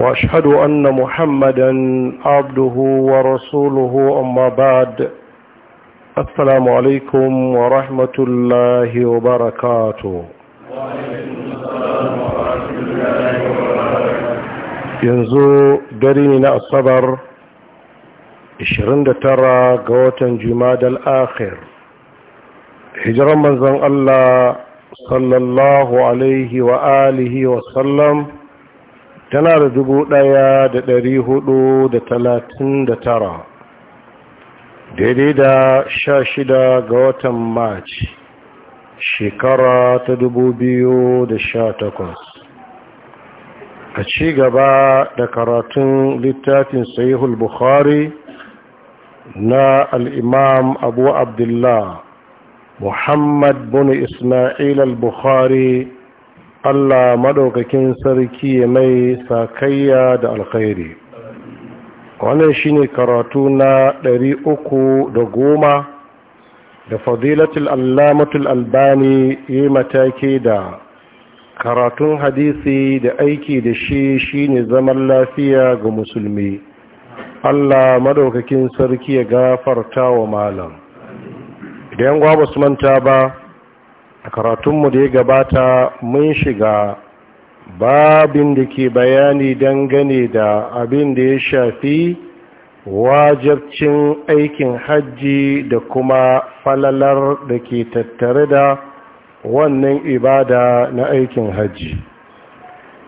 واشهد ان محمدا عبده ورسوله اما بعد السلام عليكم ورحمه الله وبركاته yanzu dare ne na asabar 29 ga watan jumadal akhir hijiran manzon Allah sallallahu alaihi wa alihi wa sallam tana da dubu ɗaya da ɗari hudu da talatin da tara daidai da sha shida ga watan march shekara ta dubu biyu da sha takwas a ci gaba da karatun littafin sahihul bukhari na al'imam abu abdullah muhammad bin ismail al-bukhari Allah maɗaukakin sarki ya mai sakayya da alkhairi wannan shine karatu na ɗari uku da goma da fadilatul allamatul albani yi mataki da karatun hadisi da aiki da shi shine zaman lafiya ga musulmi Allah maɗaukakin sarki ya gafarta wa malam idan gwa ba su manta ba a karatunmu da ya gabata mun shiga babin da ke bayani dangane da abin da ya shafi wajabcin aikin hajji da kuma falalar da ke tattare da wannan ibada na aikin hajji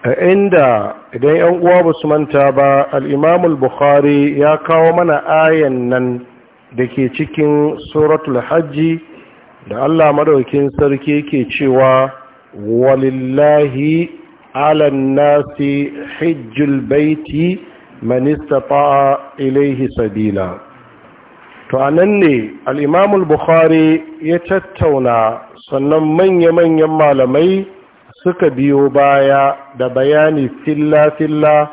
a inda idan yan uwa ba su manta ba al'imamul bukhari ya kawo mana ayan nan da ke cikin suratul hajji da Allah madaukin sarki ke cewa walillahi ala nasi hijjul baiti man ilaihi sabila to anan ne al-Imam bukhari ya tattauna sannan manya-manyan malamai suka biyo baya da bayani filla-filla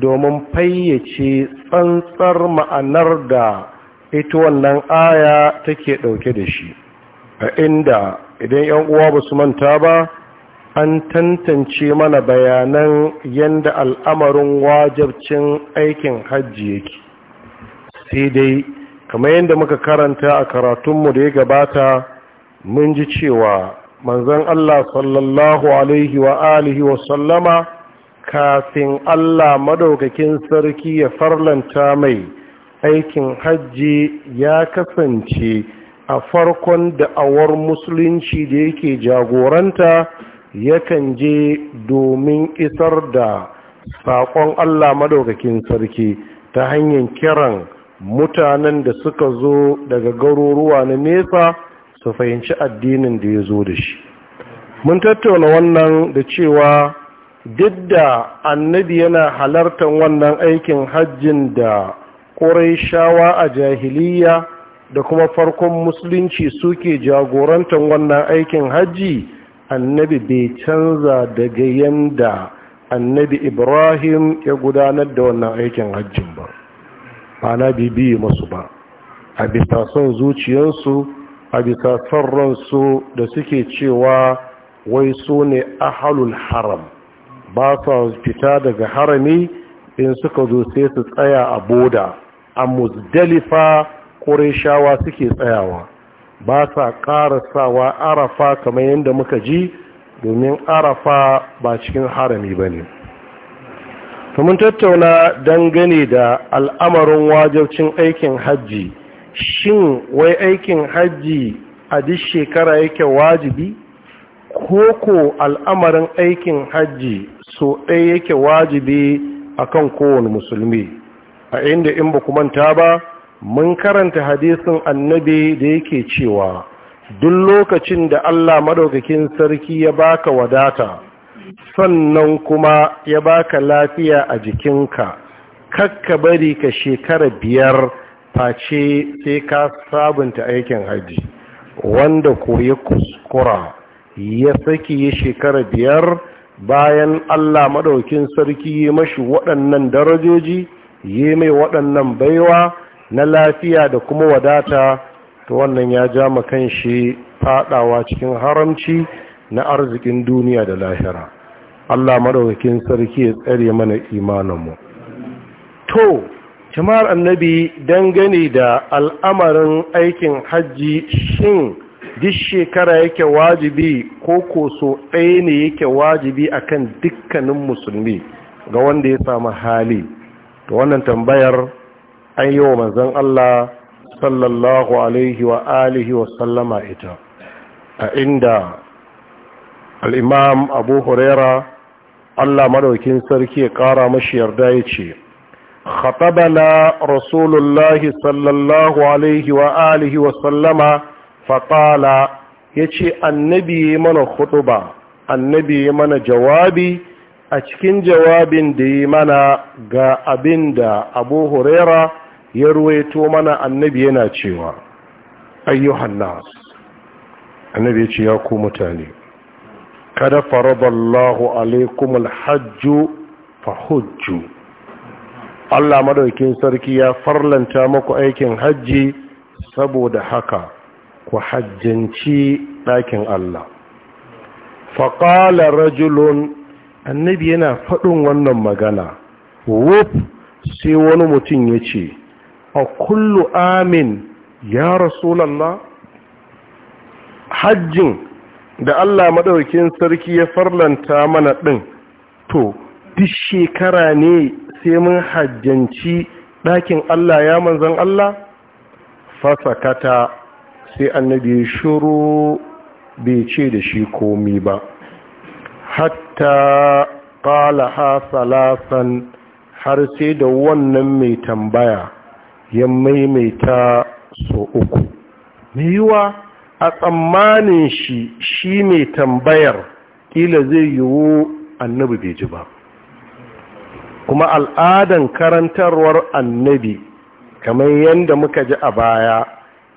domin fayyace tsantsar ma'anar da ita wannan aya take ɗauke da shi a inda idan yan uwa ba su manta ba an tantance mana bayanan yadda al'amarin wajabcin aikin hajji yake sai dai kamar yadda muka karanta a karatunmu da ya gabata mun ji cewa manzon Allah sallallahu alaihi wa alihi wa sallama kafin Allah madaukakin sarki ya farlanta mai aikin hajji ya kasance a farkon da'awar musulunci da yake jagoranta yakan je domin isar da saƙon Allah madaukakin sarki ta hanyar kiran mutanen da suka zo daga garuruwa na nesa su fahimci addinin da ya zo da shi mun tattauna wannan da cewa duk da annabi yana halartar wannan aikin hajjin da ƙurai shawa a jahiliya da kuma farkon musulunci suke jagorantar wannan aikin hajji annabi bai canza daga yanda annabi ibrahim ya gudanar da wannan aikin hajjin ba ana bibiye masu ba a bisa son zuciyarsu a bisa son ransu da suke cewa wai su ne ahalul haram ba sa fita daga harami in suka zo sai su tsaya a boda a musdalifa ƙorishawa suke tsayawa ba sa ƙarasawa arafa kamar yadda muka ji domin arafa ba cikin harami ba ne mun tattauna dangane da al'amarin wajabcin aikin hajji shin wai aikin hajji a duk shekara yake wajibi koko al'amarin aikin hajji so ɗaya yake wajibi akan kowane musulmi a inda in ba manta ba mun karanta hadisin annabi da yake cewa duk lokacin da Allah madaukakin sarki ya baka wadata sannan kuma ya baka lafiya a jikinka kakka bari ka shekara biyar face sai ka sabunta aikin haji wanda koyi kuskura ya saki ya shekara biyar bayan Allah madaukin sarki ya mashi waɗannan darajoji ya mai waɗannan baiwa na lafiya da kuma wadata ta wannan ya ja makan shi fadawa cikin haramci na arzikin duniya da lahira Allah madaukakin sarki ya tsare mana imaninmu to jama'ar annabi dangane da al'amarin aikin hajji shin duk shekara yake wajibi ko koso ɗaya ne yake wajibi akan dukkanin musulmi ga wanda ya samu hali to wannan tambayar an yi wa manzan Allah sallallahu alaihi wa alihi wa sallama ita a inda al’imam abu huraira Allah maɗaukin sarki ya ƙara mashi yarda ya ce khatabana rasulullahi sallallahu alaihi wa alihi wa sallama fatala ya ce annabi ya mana ba, annabi ya mana jawabi a cikin jawabin da ya mana ga abin da abu huraira ya ruwaito mana annabi yana cewa ayyuhan nas annabi ya ce ya ku mutane kada faradallahu alaikum alhajju fahujju Allah madaukin sarki ya farlanta maku aikin hajji saboda haka ku hajjanci ɗakin Allah Faƙalar rajulun annabi yana faɗin wannan magana wuf sai wani mutum ya ce a kullu amin ya rasulallah hajjin da Allah maɗaukin sarki ya farlanta mana ɗin to duk shekara ne sai mun hajjanci ɗakin Allah ya manzan Allah fasakata sai annabi shuru bai ce da shi komi ba hatta ƙala ha salasan har sai da wannan mai tambaya ya maimaita so uku yiwa a tsammanin shi shi mai tambayar kila zai yiwu annabi bai ji ba kuma al'adan karantarwar annabi kamar yadda muka ji a baya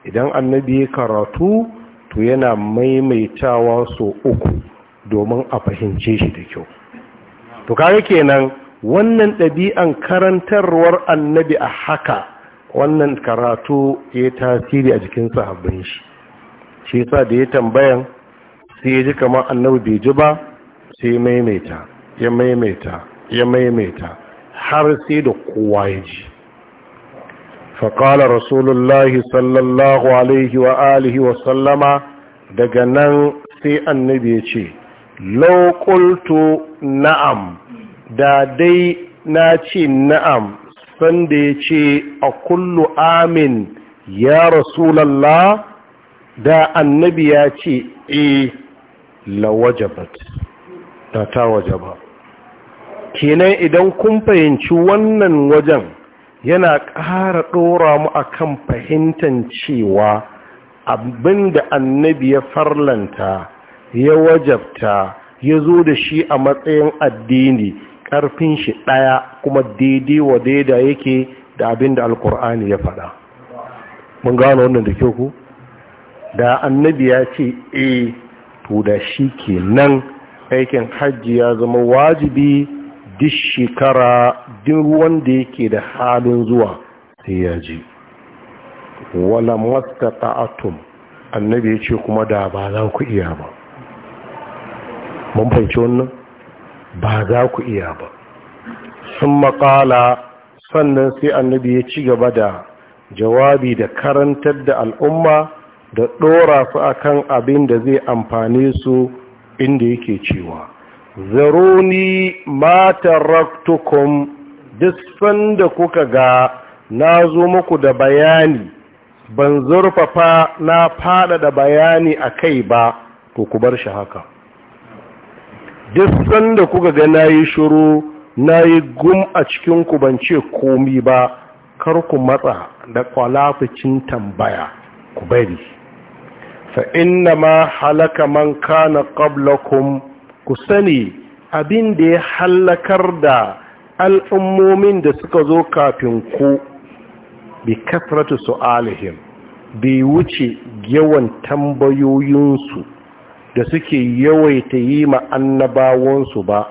idan annabi ya karatu to yana maimaitawa so uku domin a fahimce shi da kyau to kaga kenan wannan ɗabi'an karantarwar annabi a haka wannan karatu ya tasiri a jikin sahabbin shi shi sa da ya tambayan sai ya ji kamar annabi bai ji ba sai ya maimaita ya maimaita ya maimaita har sai da kowa ya ji faƙala rasulullahi sallallahu alaihi wa alihi wa sallama daga nan sai annabi ya ce laukultu na'am da dai na ce na'am sanda ya ce a kullu amin ya rasulallah da annabi ya ce e lawajabat da ta wajaba kenan idan kun fahimci wannan wajen yana ƙara ɗora mu akan fahimtar cewa abin da annabi ya farlanta ya wajabta ya zo da shi a matsayin addini ƙarfin shi ɗaya kuma daidai wa daida yake da abin da alkur'ani ya faɗa mun gano wannan da kyau ku da annabi ya ce e, to da shi ke nan aikin hajji ya zama wajibi duk shekara duk wanda yake da halin zuwa sai ya ji wala ta'atum annabi ya ce kuma da ba za ku iya ba mun fahimci wannan ba za ku iya ba sun maƙala sannan sai annabi ya ci gaba da jawabi da karantar da al'umma da ɗora su kan abin da zai amfane su inda yake cewa matan mataraktukum duk sanda kuka ga na zo muku da bayani ban zurfafa na da bayani a kai ba to ku bar shi haka duk sanda kuka ga nayi shiru nayi gum a cikin ku ban ce komi ba kar ku matsa da kwalafucin tambaya ku bari fa inna ma halaka man kana qablakum ku sani abin da ya halakar da al'ummomin da suka zo kafin ku bi kasratu su'alihim bai wuce yawan tambayoyinsu da suke yawaita yi ma annabawansu ba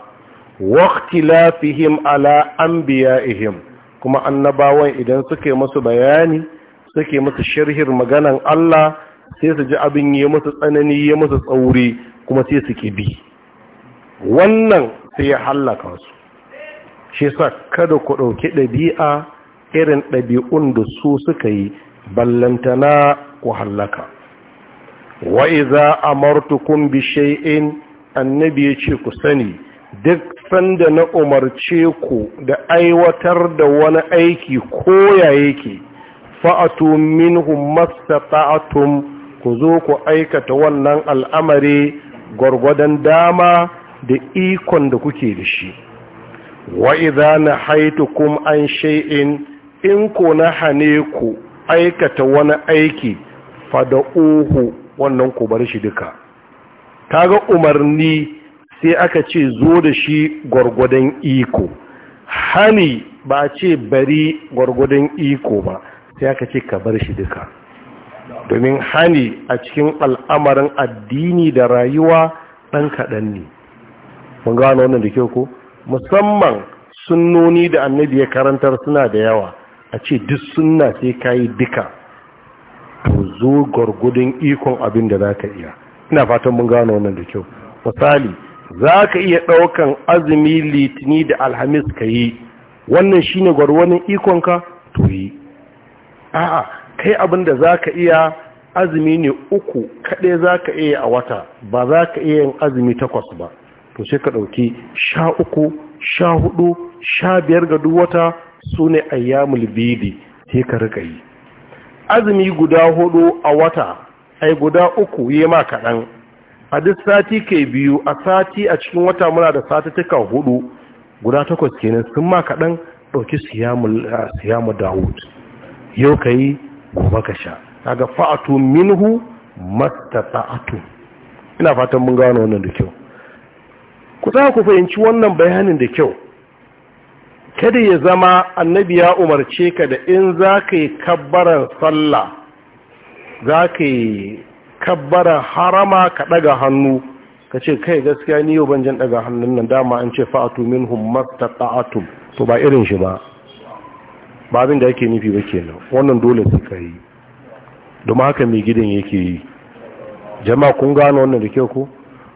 lafihim ala anbiya'ihim kuma annabawan idan suke musu bayani suke musu sharhir maganan Allah sai su ji abin yi musu tsanani ya musu tsauri kuma sai su kibi bi wannan sai ya hallaka su shi sa kada ku ɗauki ɗabi'a irin ɗabi'un da su suka yi ballantana ku hallaka wa iza amartukum bi shay'in annabi yace ku sani duk sanda na umarce ku da aiwatar da wani aiki ko ya yake fa'atu minhum mastata'tum ku zo ku aikata wannan al'amari gwargwadon dama da ikon da kuke da shi wa na nahaitukum an shay'in in ku hane ku aikata wani aiki fada'uhu wannan ku bar shi duka kaga umarni sai aka ce zo da shi gwargwadon iko hani ba ce bari gwargwadon iko ba sai aka ce ka bar shi duka domin hani a cikin al'amarin addini da rayuwa ɗan kaɗan ne mun gano wannan da ko musamman sunnoni da annabi ya karantar suna da yawa a ce duk sunna sai ka yi duka to zo gwargudun ikon abin da za ka iya ina fatan mun gano wannan da kyau misali za ka iya ɗaukan azumi litini da alhamis ka yi wannan shi ne gwargwadon ikonka to yi a'a kai abin da za ka iya azumi ne uku kaɗai za ka iya a wata ba za ka iya yin azumi takwas ba to sai ka ɗauki sha uku sha hudu sha biyar ga duk wata su ne ayyamul bidi sai ka riƙa yi azumi guda hudu a wata ai guda uku yi ma kaɗan a duk sati ke biyu a sati a cikin wata muna da sati tuka hudu guda takwas kenan sun ma kaɗan ɗauki siyamu dawud yau ka yi gobe ka sha daga fa'atu minhu fa'atu ina fatan mun gano wannan da kyau ku tsaya ku fahimci wannan bayanin da kyau kada ya zama annabi ya umarce ka da in za ka yi kabbaran sallah za ka yi kabbaran harama ka ɗaga hannu ka ce kai gaskiya ni yau banjan ɗaga hannun nan dama an ce fa'atu min hummar ta ta'atum to ba irin shi ba ba abin da yake nufi ba kenan wannan dole su ka yi domin haka mai gidan yake yi jama'a kun gano wannan da kyau ko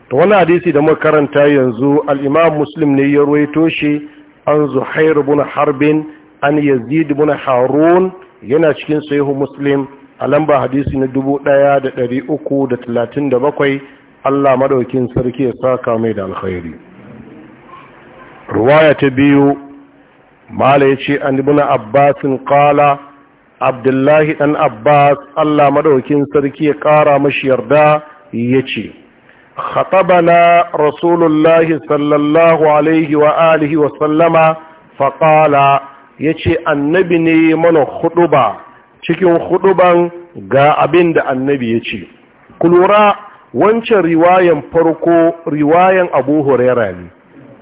to wani hadisi da muka yanzu al-imam muslim ne ya ruwaito shi an zuhair bin harbin an yazid bin harun yana cikin sahihu muslim a lamba hadisi na 1337 Allah madaukin sarki ya saka mai da alkhairi ruwaya ta biyu mala yace an ibn abbas qala abdullahi dan abbas Allah madaukin sarki ya kara mashi yarda yace خطبنا رسول الله صلى الله عليه وآله وسلم فقال يشي النبي ني من خطبة cikin huɗuban ga abinda annabi ya ce ku wancan riwayan farko riwayan abu huraira ne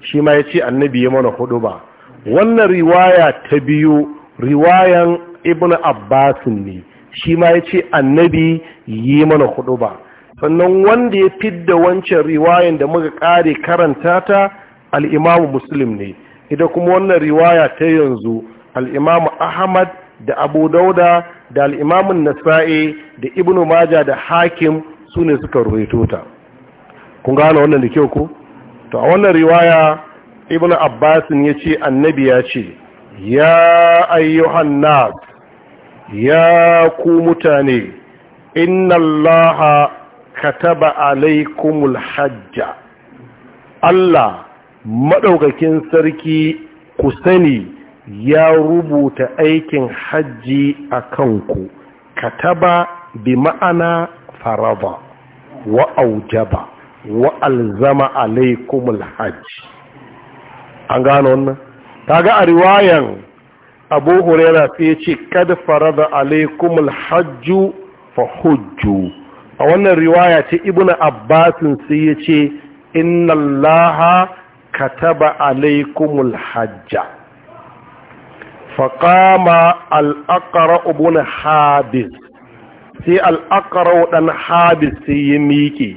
shi ma ya ce annabi ya mana huduba wannan riwaya ta biyu riwayan ibn abbasin ne shima ma ya ce annabi yi mana huduba sannan wanda ya fidda wancan riwayan da muka ƙare karanta ta al'imamu muslim ne ita kuma wannan riwaya ta yanzu al'imamu ahmad da abu dauda da al'imamun nasa'i da ibnu maja da hakim su ne suka ruwaito ta kun gane wannan da kyau ku to a wannan riwaya ibnu abbasin ya ce annabi ya ce ya ayyuhan nas ya ku mutane inna allaha kataba alaikumul hajja Allah maɗaukakin sarki ku sani ya rubuta aikin hajji a kanku kataba bi ma'ana faraba wa aujaba wa alzama alaikumul hajji an gano wannan ga a riwayan abu huraira sai ce kada faraba alaikumul hajju fa hujju a wannan riwaya ce ibn abbasin sai ya ce inna allaha kataba alaikumul hajja faƙama al'akara ibn habis sai al'akara ɗan habis sai ya miƙe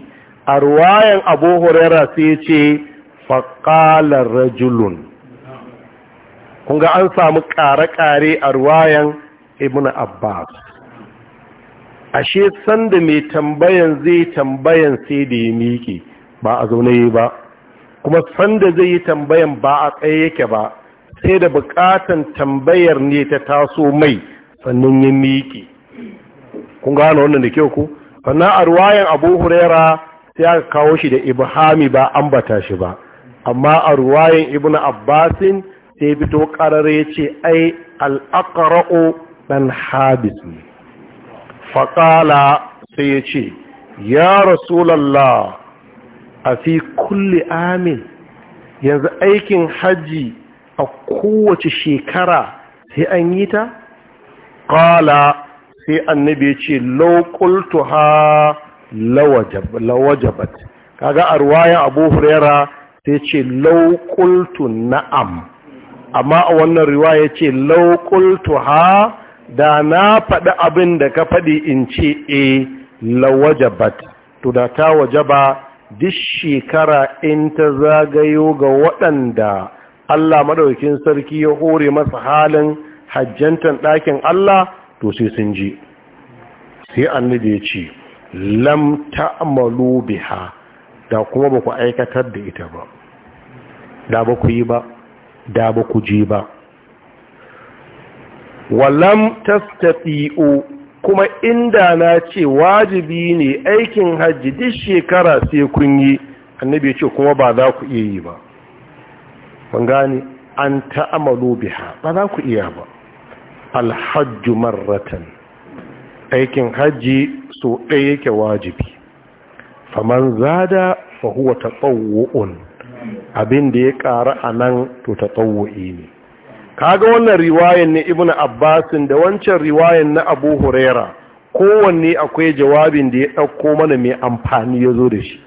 a riwayan abu huraira sai ya ce faƙalar rajulun kunga an samu ƙare-ƙare a riwayan ibn abbas ashe sanda mai tambayan zai tambayan sai da ya miƙe ba a zaune ba kuma sanda zai yi tambayan ba a tsaye yake ba sai da bukatan tambayar ne ta taso mai sannan ya miƙe kun gano wannan da kyau ku sannan a ruwayan abu huraira sai aka kawo shi da ibhami ba ambata shi ba amma a ruwayan ibnu abbasin sai fito karare ce ai al-aqra'u dan habis ne faƙala sai ya ce ya rasulallah a fi kulle amin yanzu aikin hajji a kowace shekara sai an yi ta? ƙala sai annabi ya ce laukultu ha lawajabat kaga a ruwayan abu hurera sai ce laukultu na'am amma a wannan ya ce laukultu ha da na faɗi abin da ka faɗi in ce e eh, lawajabat to da ta wajaba duk shekara in ta zagayo ga waɗanda Allah maɗaukin sarki ya hore masa halin hajjantan ɗakin Allah to sai sun ji sai annabi ya ce lam ta'malu biha da kuma ba ku aikatar da ita ba da ba ku yi ba da ba ku ji ba walam tastati'u kuma inda na ce wajibi ne aikin hajji duk shekara sai kun yi annabi ya ce kuma ba za ku iya yi ba kun gane an ta'amalu biha ba za ku iya ba alhajju marratan aikin hajji so ɗaya yake wajibi faman zada fa huwa tatawwu'un abin da ya ƙara anan to tatawwu'i ne kaga wannan riwayan ne ibn abbasin da wancan riwayan na abu huraira kowanne akwai jawabin da ya ɗauko mana mai amfani ya zo da shi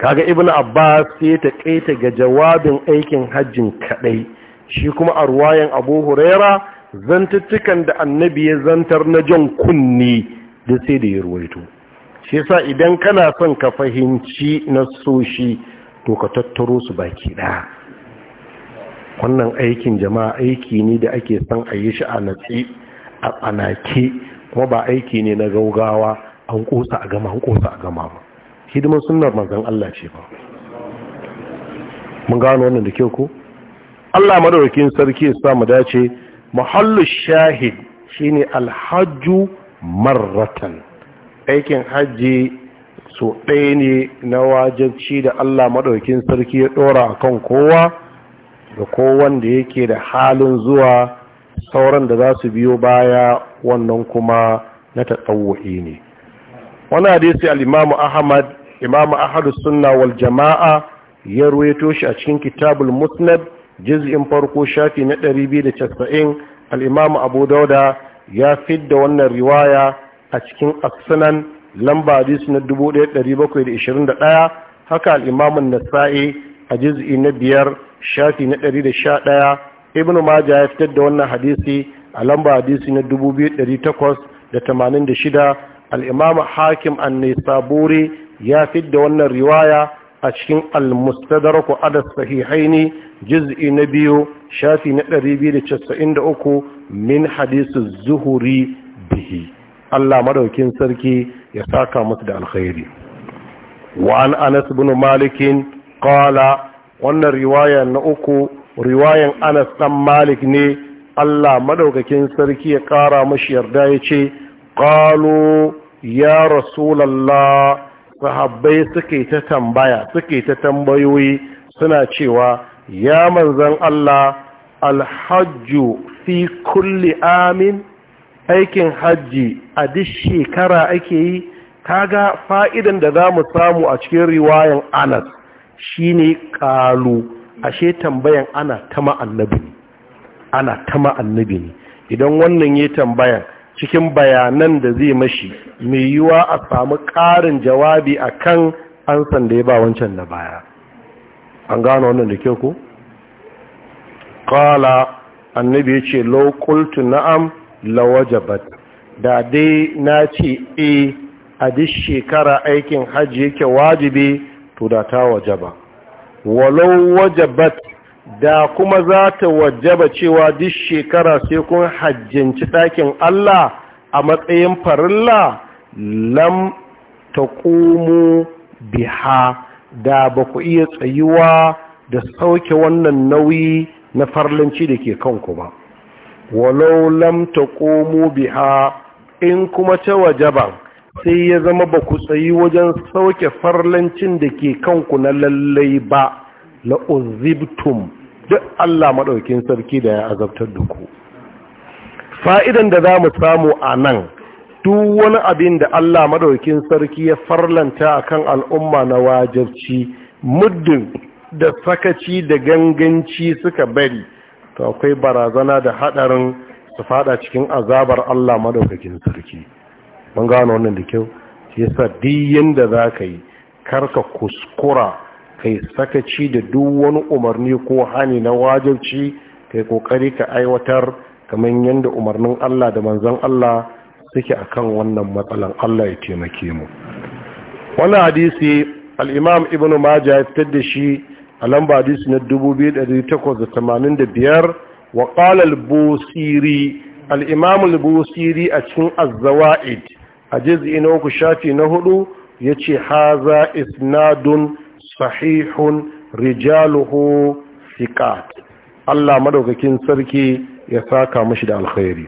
kaga ibn abbas sai ta kaita ga jawabin aikin hajjin kaɗai shi kuma a ruwayan abu huraira zantattukan da annabi ya zantar na jan kunni da sai da ya ruwaito shi yasa idan kana son ka fahimci na soshi to ka tattaro su baki ɗaya wannan aikin jama'a aiki ne da ake son a yi shi a natsi a tsanake kuma ba aiki ne na gaugawa an kosa a gama an kosa a gama ba hidimar sunnar manzan Allah ce ba mun gano wannan da kyau ko Allah madaukakin sarki ya sa mu dace muhallu shahid shine alhajju marratan aikin hajji so ɗaya ne na wajabci da Allah madaukakin sarki ya dora kan kowa da kowanda yake da halin zuwa sauran da za su biyo baya wannan kuma na taɗawo'i ne wani hadisi al'imamu ahmad imamu ahadu sunna wal jama'a ya ruwaito shi a cikin kitabul musnad juz'in farko shafi na 290 al'imamu abu dauda ya fidda wannan riwaya a cikin asunan lamba hadisi na 1721 haka al'imamun nasa'i a juz'i na biyar shafi na ɗaya, ibn maja ya fitar da wannan hadisi a lamba hadisi na da al-imam hakim an-nisaburi ya fitar da wannan riwaya a cikin al-mustadraku adas sahihaini juz'i na biyu shafi na uku, min hadisi zuhuri bihi Allah madaukin sarki ya saka musu da alkhairi wa an anas bin malikin qala wannan riwaya na uku riwayan anas dan malik ne allah madaukakin sarki ya kara mashi yarda ya ce ƙalo ya rasulallah sahabbai suke ta tambaya suke ta tambayoyi suna cewa ya manzan allah alhajju fi kulli amin aikin hajji a duk shekara ake yi kaga fa'idan da za mu samu a cikin riwayan anas shine qalu ashe tambayan ana tama annabi ana tama annabi ne idan wannan ya tambaya cikin bayanan da zai mashi mai yiwa a samu ƙarin jawabi akan an da ya ba wancan na baya an gano wannan da kyau ko qala annabi yace law qultu na'am lawajabat da dai na ce e a duk shekara aikin hajji yake wajibi to da ta wajaba walau wajabat da kuma za ta wajaba cewa duk shekara sai kun hajjinci ɗakin Allah a matsayin farilla lam ta biha da ba ku iya tsayuwa da sauke wannan nauyi na farlanci da ke kanku ba walau lam ta biha in kuma ta wajaba. sai ya zama ba ku tsayi wajen sauke farlancin da ke kanku na lallai ba la'uzibtum duk Allah maɗaukin sarki da ya azabtar da ku fa'idan da za mu samu a nan duk wani abin da Allah maɗaukin sarki ya farlanta a kan al'umma na wajarci muddin da sakaci da ganganci suka bari to akwai barazana da haɗarin su fada cikin azabar Allah maɗaukakin sarki mun gano wannan da kyau shi yasa duk yanda za ka yi karka kuskura kai sakaci da duk wani umarni ko hani na wajibci kai kokari ka aiwatar kamar yanda umarnin Allah da manzon Allah suke kan wannan matsalan Allah ya taimake mu wannan hadisi al-Imam Ibn Majah ya fitar da shi a lamba hadisi na 2885 wa qala al-Busiri al-Imam al-Busiri a cikin Az-Zawaid a jiz'i na uku shafi na hudu ya ce haza isnadun sahihun rijaluhu sikat Allah madaukakin sarki ya saka mashi da alkhairi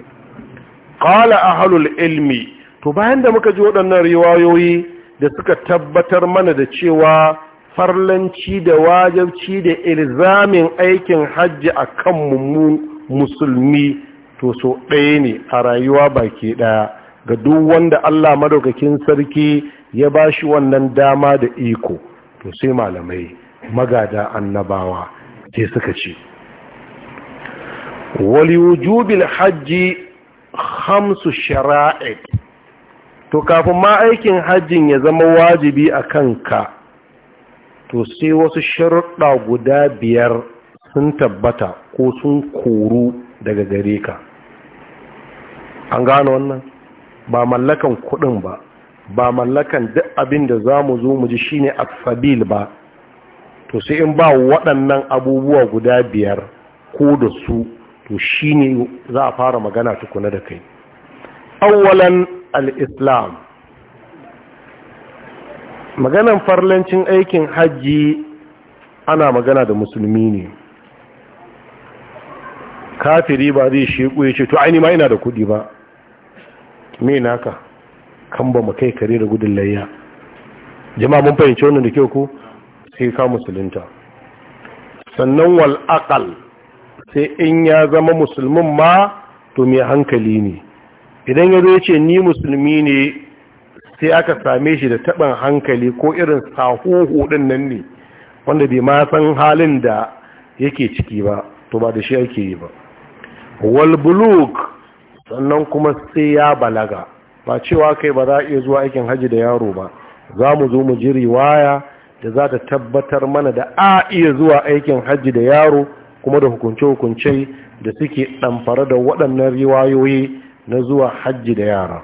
Ƙala ahlul ilmi to bayan da muka ji waɗannan riwayoyi da suka tabbatar mana da cewa farlanci da wajabci da ilzamin aikin hajji a kan mummun musulmi to so ɗaya ne a rayuwa baki ɗaya ga duk wanda Allah madaukakin sarki ya ba shi wannan dama da iko to sai malamai magada annabawa sai suka ce wali wujubil hajji hamsu shara'id to kafin ma aikin hajjin ya zama wajibi a kanka to sai wasu sharuɗa guda biyar sun tabbata ko sun koru daga gare ka an gano wannan ba mallakan kuɗin ba ba mallakan duk abin da za mu zo mu ji shine asabil ba to sai in ba waɗannan abubuwa guda biyar ko da su to shine za a fara magana tukuna da kai awwalan al-islam maganan farlancin aikin hajji ana magana da musulmi ne kafiri ba zai sheku ya ce to aini ma ina da kudi ba me naka kan ba mu kai kare da gudun layya jama'a mun fahimci wannan da kyau ku? sai ka musulunta sannan wal aqal sai in ya zama musulmin ma to mai hankali ne idan ya zo ce ni musulmi ne sai aka same shi da taɓin hankali ko irin sahuhu ɗin nan ne wanda bai ma san halin da yake ciki ba to ba da shi ake yi ba wal buluk sannan kuma sai ya balaga ba cewa kai ba za a iya zuwa aikin haji da yaro ba za mu zo mu ji riwaya da za ta tabbatar mana da a iya zuwa aikin haji da yaro kuma da hukunce-hukunce da suke ɗamfara da waɗannan riwayoyi na zuwa hajji da yara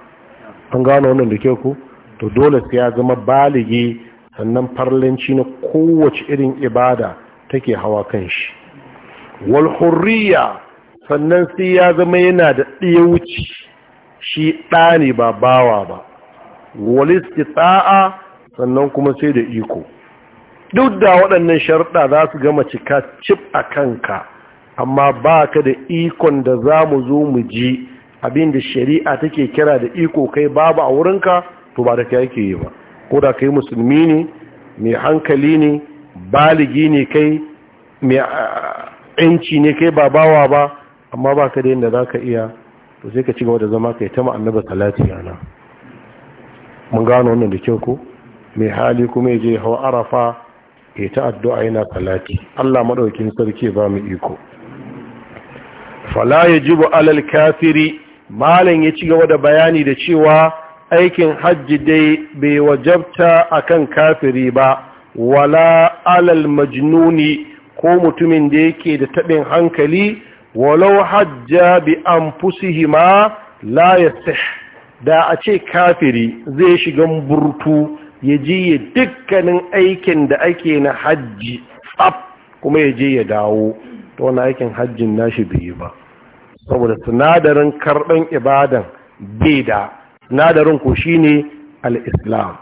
an gano wannan da ke ku to dole sai ya zama baligi sannan farlanci na kowace irin ibada take hawa kan shi wal hurriya sannan sai ya zama yana da ɗaya wuce shi ɗa ne ba bawa ba walis tsa'a sannan kuma sai da iko duk da waɗannan sharɗa za su gama cika cif a kanka amma ba ka da ikon da za mu zo mu ji abin da shari'a take kira da iko kai babu a wurinka to ba da ka yake yi ba ko da kai musulmi ne mai hankali ne baligi ne kai mai yanci ne kai ba bawa ba amma ba ka da yadda za ka iya to sai ka ci gaba da zama ka yi ta ma'annaba talati yana mun gano wannan da kyau ko mai hali kuma ya je hau arafa ya ta addu'a yana talati allah maɗaukin sarki ba mu iko fala ya ba alal kafiri malam ya ci gaba da bayani da cewa aikin hajji dai bai wajabta akan kafiri ba wala alal majnuni ko mutumin da yake da taɓin hankali walau hajja bi an fusihima la ya da a ce kafiri zai shiga burtu ya je ya dukkanin aikin da ake na hajji tsab kuma ya je ya dawo ta wani aikin hajjin nashi bai ba saboda sinadarin karɓan ibadan bai da sinadarin ko shine al-islam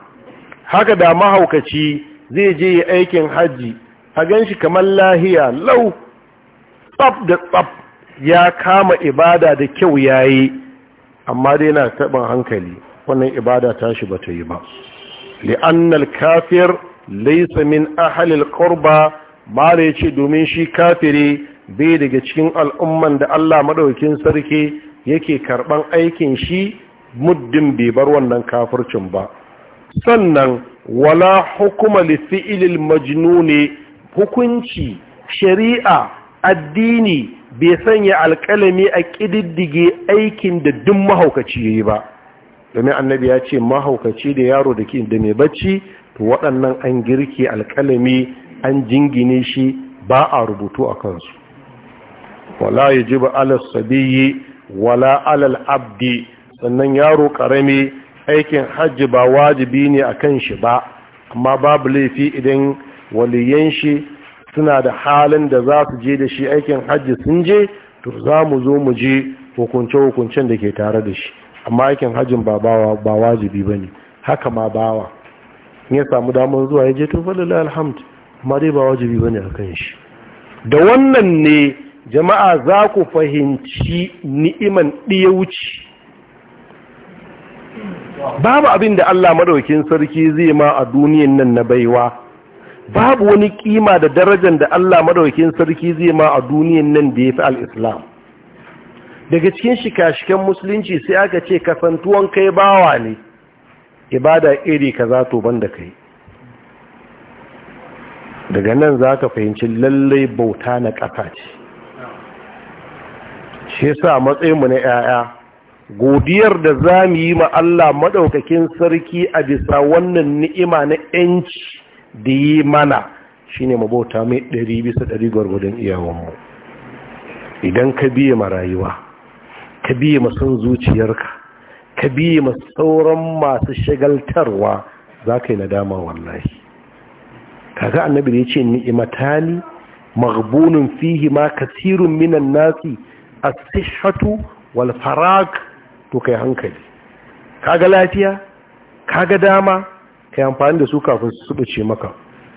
haka da mahaukaci zai je ya aikin hajji a gan shi kamar lahiya lau tsab da tsab. ya kama ibada da kyau yayi amma dai na taɓin hankali wannan ibada tashi ta yi ba li'annal kafir laysa min ahli al-qurba mala yace domin shi kafiri bai daga cikin al'umman da Allah maɗaukin sarki yake karban aikin shi muddin bai bar wannan kafircin ba sannan wala hukuma li fi'lil majnuni hukunci shari'a addini bai sanya alƙalami a ƙididdige aikin da duk mahaukaci ya yi ba domin annabi ya ce mahaukaci da yaro da ke da mai bacci to waɗannan an girki alƙalami an jingine shi ba a rubutu a kansu wala ya ji ba alal sabiyi wala alal abdi sannan yaro ƙarami aikin hajji ba wajibi ne a kan shi ba amma babu laifi idan waliyan shi suna da halin da za su je da shi aikin hajji sun je to za mu zo mu je hukunce-hukuncen da ke tare da shi amma aikin hajjin ba ba wajibi ba ne haka ma bawa ya samu damar zuwa ya je to falala alhamdu amma dai ba wajibi ba ne a kan shi da wannan ne jama'a za ku fahimci ni'iman ɗiya wuce babu abin da Allah madaukin sarki zai ma a duniyan nan na baiwa babu wani kima da darajar da Allah madaukakin sarki zai ma a duniyan nan da yafi al-islam daga cikin shikashikan musulunci sai aka ce kasantuwan kai bawa ne ibada iri kaza to banda kai daga nan zaka fahimci lallai bauta na kafa ce shi yasa matsayin mu na yaya godiyar da zamu yi ma Allah madaukakin sarki a bisa wannan ni'ima na yanci da yi mana shine ne bauta mai ɗari bisa ɗari gwargwadon iyawanmu idan ka biye ma rayuwa ka biye ma son zuciyarka ka biye ma sauran masu shagaltarwa za ka yi nadama wallahi kaga annabi da ya ce ni'imatani maghbunun fihi ma kathirun minan nasi as-sihhatu wal farag to kai hankali kaga lafiya kaga dama Ka yi amfani da su kafin su subuce maka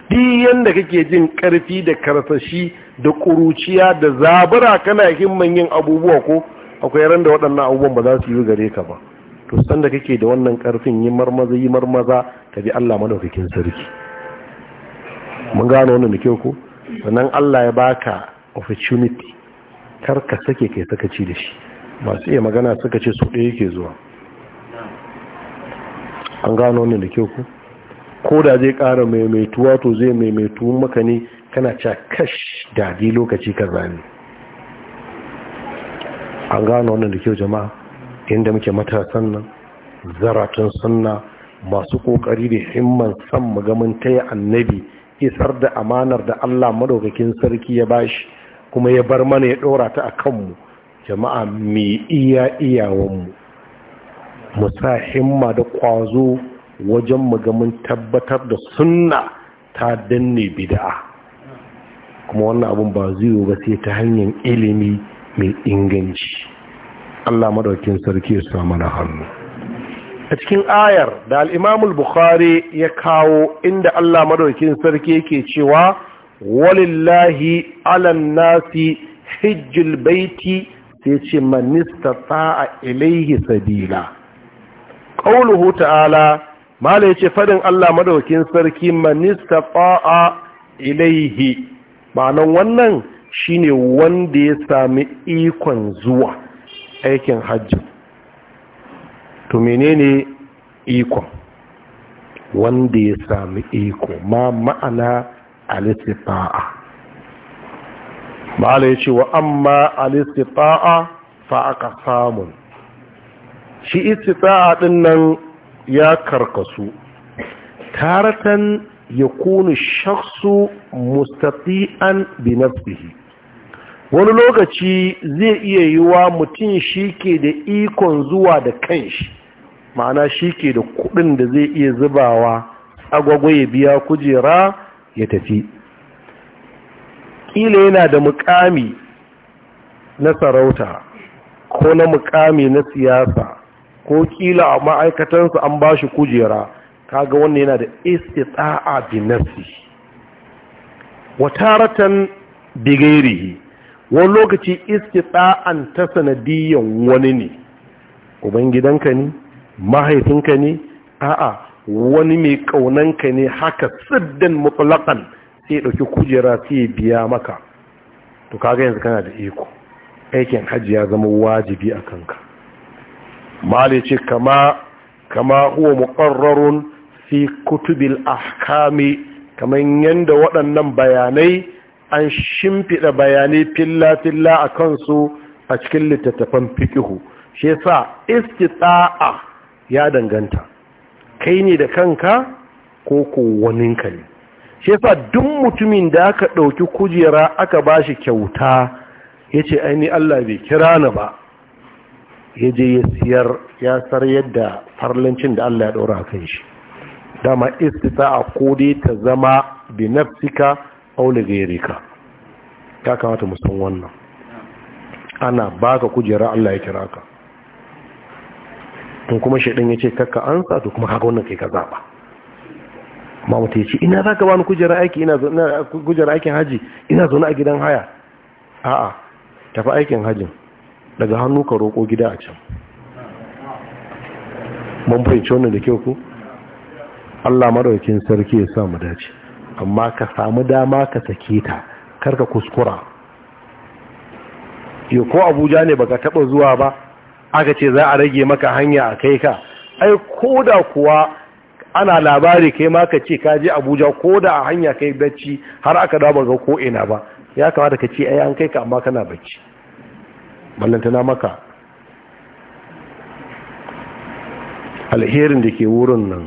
duk yadda kake jin ƙarfi da karsashi da ƙuruciya da zabura kana himman yin abubuwa ko akwai ran da waɗannan abubuwan ba za su yi gare ka ba to san da kake da wannan ƙarfin yi marmaza yi marmaza ka bi Allah madaukakin sarki mun gano wannan da kyau ko sannan Allah ya baka opportunity kar ka sake kai sakaci da shi masu iya magana suka ce su ɗaya yake zuwa an gano wannan da kyau ku ko da zai ƙara maimaituwa to zai maimaitu maka ne kana ca kash dadi lokaci ka zane an gano wannan da kyau jama'a inda muke matasan nan zaratun sunna masu kokari da himman san magamin taya annabi isar da amanar da Allah madaukakin sarki ya bashi kuma ya bar mana ya dora ta a kanmu jama'a mai iya iyawanmu mu sa himma da kwazo wajen magamin tabbatar da sunna ta danne bida'a. kuma wannan abun ba zuwa ba sai ta hanyar ilimi mai inganci Allah madaukin sarki ya samu na hannu a cikin ayar da al'imamul bukhari ya kawo inda Allah madaukin sarki yake cewa walillahi alan nasi hijjil baiti sai ce manista a ilaihi sabila ƙauluhu ta'ala mala ya ce faɗin Allah madaukin sarki manista fa'a ilaihi ma'anan wannan shi ne wanda ya sami ikon zuwa aikin hajji to menene ikon wanda ya sami iko ma ma'ana alistifa'a mala ya ce wa amma alistifa'a fa'a ka samun shi istifa'a ɗin nan ya karkasu taratan ya kunu shaksu mustafi'an bi nafsihi wani lokaci zai iya yi wa mutum shi ke da ikon zuwa da kanshi ma'ana shi ke da kudin da zai iya zubawa agwagwa ya biya kujera ya tafi ƙila yana da mukami na sarauta ko na mukami na siyasa ko kila a ma'aikatansu an ba shi kujera kaga wannan yana da istita'a bi nafsi wataratan bigairihi wani lokaci istita'an ta sanadiyan wani ne ubangidanka ne mahaifinka ne a'a wani mai kaunanka ne haka siddan mutlaƙan sai ɗauki kujera sai biya maka to kaga yanzu kana da iko aikin hajji ya zama wajibi a kanka mali ce kama kama huwa muqarrarun fi kutubil ahkami kaman yanda waɗannan bayanai an shimfiɗa bayanai filla-filla a kansu a cikin littattafan fikihu shi yasa istita'a ya danganta kai ne da kanka ko ko ka ne shi yasa duk mutumin da aka ɗauki kujera aka bashi kyauta yace aini Allah bai kira ni ba ya je ya siyar ya sar yadda farlancin da Allah ya ɗora a kan shi dama istita'a a kodi ta zama bi nafsika aw li ka. ya kamata mu san wannan ana baka kujera Allah ya kira ka In kuma ya ce kakka ansa to kuma haka wannan kai ka zaba amma ya ce ina zaka bani kujera aiki ina kujera aikin haji ina zo na a gidan haya a'a tafi aikin hajin daga hannu ka roƙo gida a can mun fahimci wannan da kyau ku Allah madaukakin sarki ya sa mu dace amma ka samu dama ka sake ta karka kuskura yo ko Abuja ne baka taba zuwa ba aka ce za a rage maka hanya a kai ka ai koda kuwa ana labari kai ma ka ce ka je Abuja koda a hanya kai bacci har aka dawo ga ko ina ba ya kamata ka ce ai an kai ka amma kana bacci ballantana maka alherin da ke wurin nan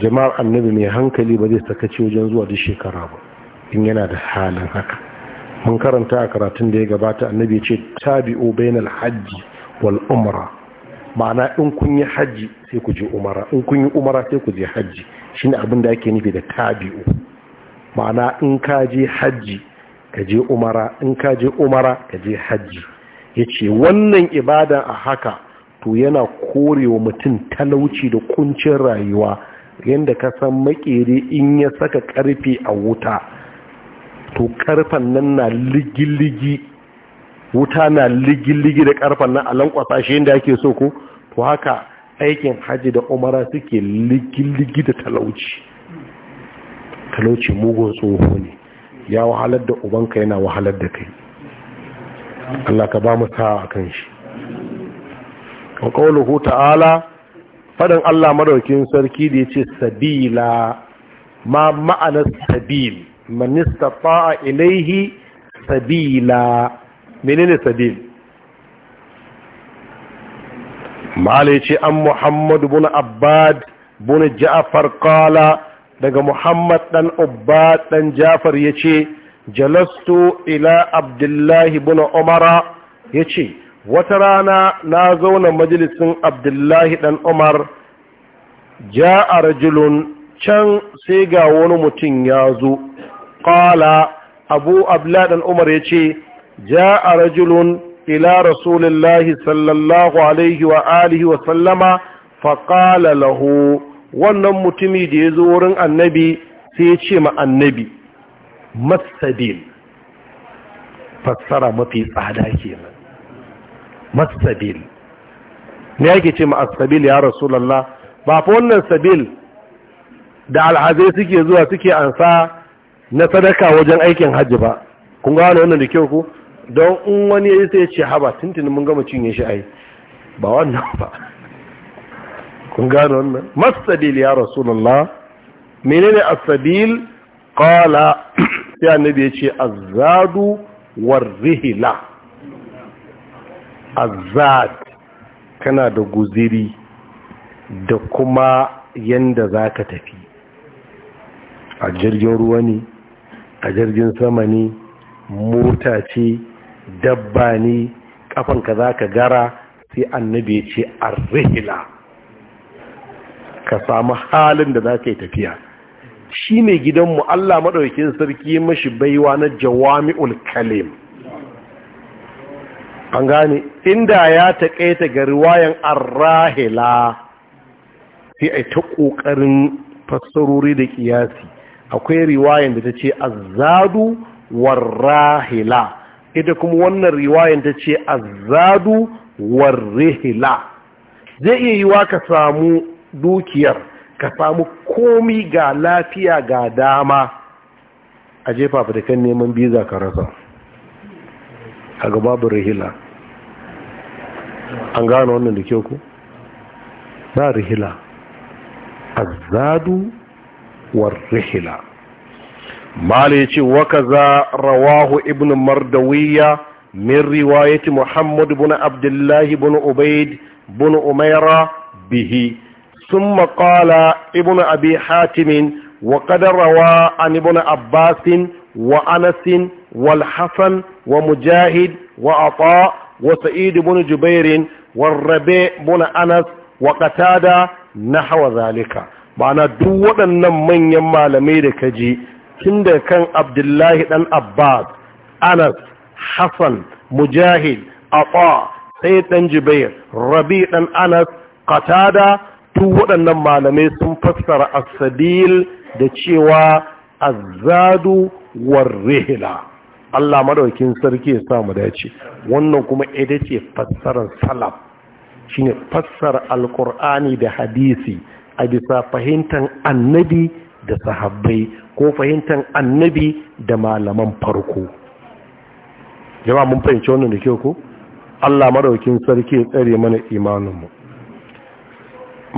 jama'ar annabi mai hankali ba zai sakaci wajen zuwa duk shekara ba in yana da halin haka mun karanta a karatun da ya gabata annabi ce tabi'u bainal hajji wal umra ma'ana in kun yi hajji sai ku je umara in kun yi umara sai ku je hajji shine abin da ake nufi da tabi'u ma'ana in ka je hajji ka je umara in ka je umara ka je hajji ya ce wannan ibada a haka to yana korewa mutum talauci da kuncin rayuwa yadda ka san makere in ya saka karfe a wuta to karfen nan na ligiligi wuta na ligiligi da karfen nan a lankwasa shi yadda ake so ko to haka aikin hajji da umara suke ligiligi da talauci talauci mugun tsoho ne ya wahalar da ubanka yana wahalar da kai Allah ka ba mu sa'a akan shi wa qawluhu ta'ala faɗin Allah madaukin sarki da yace sabila ma ma'ana sabil man istata'a ilaihi sabila menene sabil mala yace an Muhammad ibn Abbad ibn Ja'far qala daga Muhammad dan Ubbad dan Ja'far yace jalastu ila abdullahi bin umara ya ce wata rana na zauna majalisin abdullahi dan umar ja rajulun can sai ga wani mutum ya zo ƙala abu Dan umar ya ce ja rajulun ila rasulullahi sallallahu alaihi wa alihi wa sallama faƙala lahu wannan mutumi da ya zo wurin annabi sai ya ce ma annabi masabil fassara mafi tsada ke nan masabil ne yake ce ma'asabil ya rasulallah ba fa wannan sabil da alhazai suke zuwa suke ansa na sadaka wajen aikin hajji ba kun gano wannan da kyau ku don in wani yi sai ya ce haba tuntunin mun gama cinye shi ai ba wannan ba kun gano wannan masabil ya rasulallah menene asabil qala sai annabi ya ce azadu warrihila azad kana da guziri da kuma yanda za ka tafi a jirgin ruwa ne a jirgin sama ne mota ce dabba ne kafanka za ka gara sai annabi ya ce arrihila ka samu halin da za ka yi tafiya shi ne gidanmu Allah maɗaukin sarki mashi baiwa na jawami'ul kalim an gane inda ya taƙaita ga riwayan arrahila sai a ta ƙoƙarin fassarori da ƙiyasi akwai riwayan da ta ce azadu warrahila ita kuma wannan riwayan ta ce azadu warrihila zai iya yi wa ka samu dukiyar ka samu komi ga lafiya ga dama a jefa kan neman biza ka rasa a gaba rihila an gano wannan da kyau ku ba rihila azadu war rihila mali ce waka za rawahu ibn mardawiya min riwayati Muhammadu bin abdullahi bin ubaid bin umaira bihi ثم قال ابن أبي حاتم وقد روى عن ابن عباس وأنس والحسن ومجاهد وعطاء وسعيد بن جبير والربيع بن أنس وقتادة نحو ذلك ma'ana duk waɗannan manyan malamai da ka ji tun da kan abdullahi ɗan abbas anas hassan mujahid afa sai ɗan jibair rabi ɗan anas Katada. duk waɗannan malamai sun fassara asadil da cewa azadu warrehila Allah madaukin sarki ya samu dace wannan kuma ita ce fassarar salaf shine fassara alqur'ani da hadisi a bisa fahimtar annabi da sahabbai ko fahimtar annabi da malaman farko jama'a mun fahimci wannan da kyau ko Allah madaukin sarki ya tsare mana imaninmu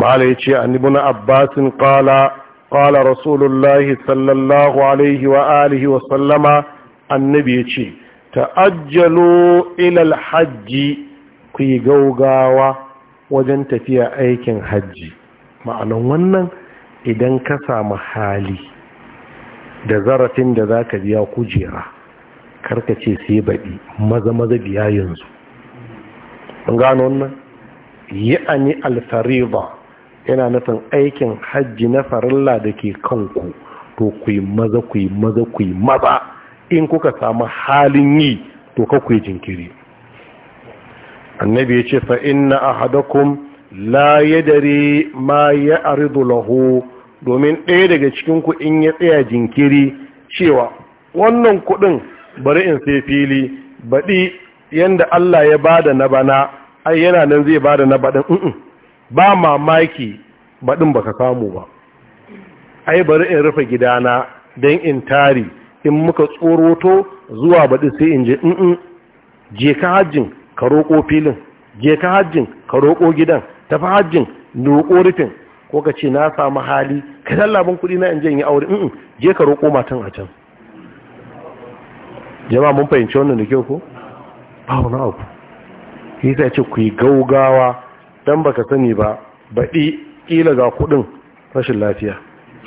mala ya ce an ibn abbasin qala qala rasulullahi sallallahu alaihi wa alihi wa sallama annabi ya ce ta'ajjalu ila alhajji ku gaugawa wajen tafiya aikin hajji ma'anan wannan idan ka samu hali da zarafin da za ka biya kujera karka ce sai baɗi maza-maza biya yanzu. gano wannan yi ani alfariba yana nufin aikin hajji na farilla da ke kanku to ku yi maza ku yi maza ku yi maza in kuka samu halin yi to ka ku yi jinkiri annabi ya ce fa inna ahadakum la yadari ma ya aridu lahu domin ɗaya daga cikin ku in ya tsaya jinkiri cewa wannan kuɗin bari in sai fili baɗi yanda Allah ya bada na bana ai yana nan zai bada na baɗin ba mamaki baɗin baka samu ba ai bari in rufe gidana don in tari in muka tsoroto zuwa baɗi sai in je in je ka hajjin ka roƙo filin je ka hajjin ka roƙo gidan tafi hajjin roƙo rufin ko ka ce na samu hali ka tallabin kuɗi na in je in yi aure in je ka roƙo matan a can jama'a mun fahimci wannan da kyau ko ba wani abu yi ce ku yi gaugawa dan baka sani ba baɗi ƙila ga kuɗin rashin lafiya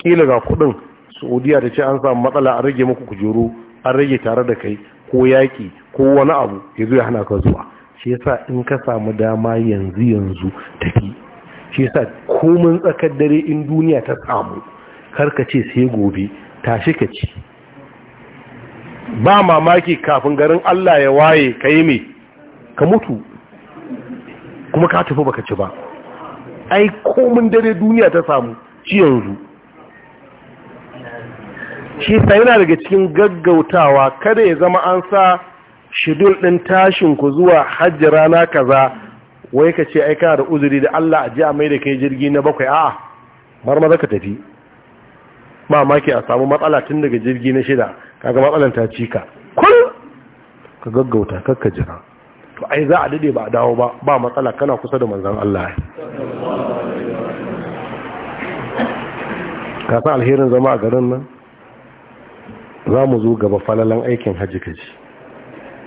ƙila ga kuɗin saudiya da ce an samu matsala an rage muku kujeru an rage tare da kai ko yaƙi ko wani abu ya zo ya hana ka zuwa shi yasa in ka samu dama yanzu yanzu tafi shi yasa komin tsakar dare in duniya ta samu kar ka ce sai gobe tashi ka ci ba mamaki kafin garin Allah ya waye ka yi me ka mutu kuma ka tafi baka ci ba ai komin dare duniya ta samu ci yanzu shi yana daga cikin gaggautawa kada ya zama an sa shidul ɗin tashin ku zuwa hajji rana kaza wai ka ce ai da uzuri da Allah a ji a mai da kai jirgi na bakwai a mar maza ka tafi mamaki a samu matsala tun daga jirgi na shida kaga matsalan ta cika kul ka gaggauta kakka jira to ai za a dade ba a dawo ba ba matsala kana kusa da manzan Allah ka san alherin zama a garin nan za mu zo gaba falalan aikin hajji kaji.